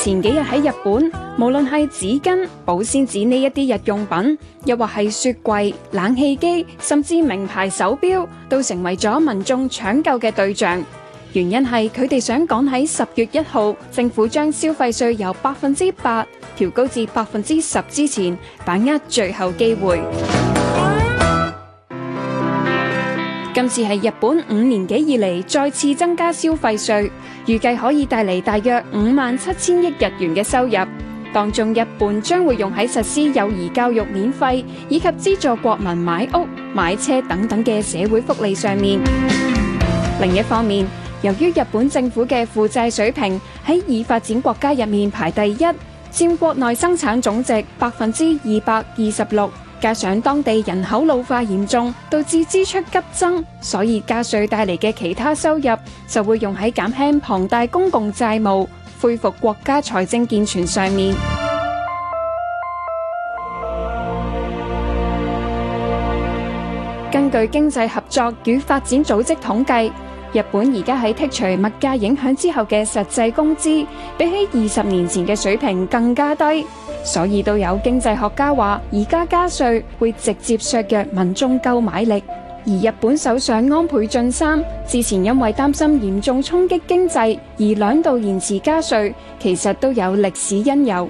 前幾日喺日本，無論係紙巾、保鮮紙呢一啲日用品，又或係雪櫃、冷氣機，甚至名牌手錶，都成為咗民眾搶救嘅對象。原因係佢哋想趕喺十月一號，政府將消費稅由百分之八調高至百分之十之前，把握最後機會。今次係日本五年幾以嚟，再次增加消費稅，預計可以帶嚟大約五萬七千億日元嘅收入。當中，日本將會用喺實施幼兒教育免費以及資助國民買屋、買車等等嘅社會福利上面。另一方面，由於日本政府嘅負債水平喺已發展國家入面排第一，佔國內生產總值百分之二百二十六。加上當地人口老化嚴重，導致支出急增，所以加稅帶嚟嘅其他收入就會用喺減輕龐大公共債務、恢復國家財政健全上面。根據經濟合作與發展組織統計，日本而家喺剔除物價影響之後嘅實際工資，比起二十年前嘅水平更加低，所以都有經濟學家話，而家加稅會直接削弱民眾購買力。而日本首相安倍晉三之前因為擔心嚴重衝擊經濟，而兩度延遲加稅，其實都有歷史因由。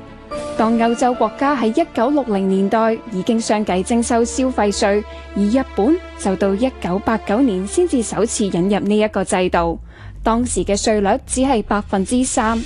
當歐洲國家喺一九六零年代已經相繼徵收消費稅，而日本就到一九八九年先至首次引入呢一個制度，當時嘅稅率只係百分之三。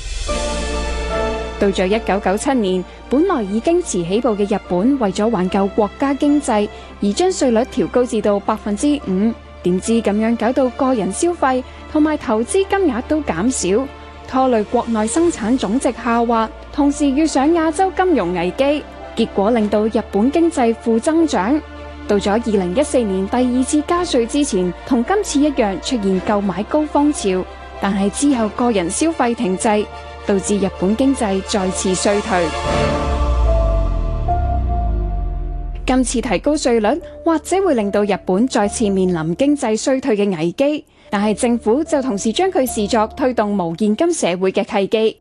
到咗一九九七年，本來已經遲起步嘅日本為咗挽救國家經濟，而將稅率調高至到百分之五，點知咁樣搞到個人消費同埋投資金額都減少。拖累國內生產總值下滑，同時遇上亞洲金融危機，結果令到日本經濟負增長。到咗二零一四年第二次加稅之前，同今次一樣出現購買高峰潮，但係之後個人消費停滯，導致日本經濟再次衰退。今次提高稅率，或者會令到日本再次面臨經濟衰退嘅危機。但係政府就同時將佢視作推動無現金社會嘅契機。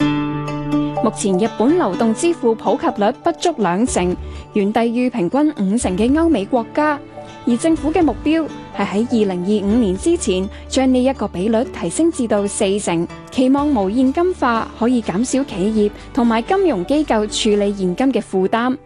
目前日本流動支付普及率不足兩成，遠低於平均五成嘅歐美國家。而政府嘅目標係喺二零二五年之前將呢一個比率提升至到四成，期望無現金化可以減少企業同埋金融機構處理現金嘅負擔。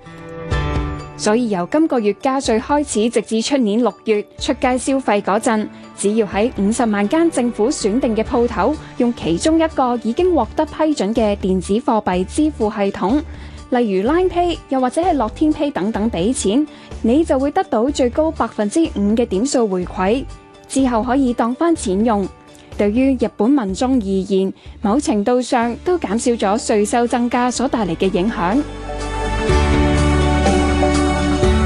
所以由今個月加稅開始，直至出年六月出街消費嗰陣，只要喺五十萬間政府選定嘅鋪頭，用其中一個已經獲得批准嘅電子貨幣支付系統，例如 Line Pay，又或者係樂天 Pay 等等俾錢，你就會得到最高百分之五嘅點數回饋，之後可以當翻錢用。對於日本民眾而言，某程度上都減少咗稅收增加所帶嚟嘅影響。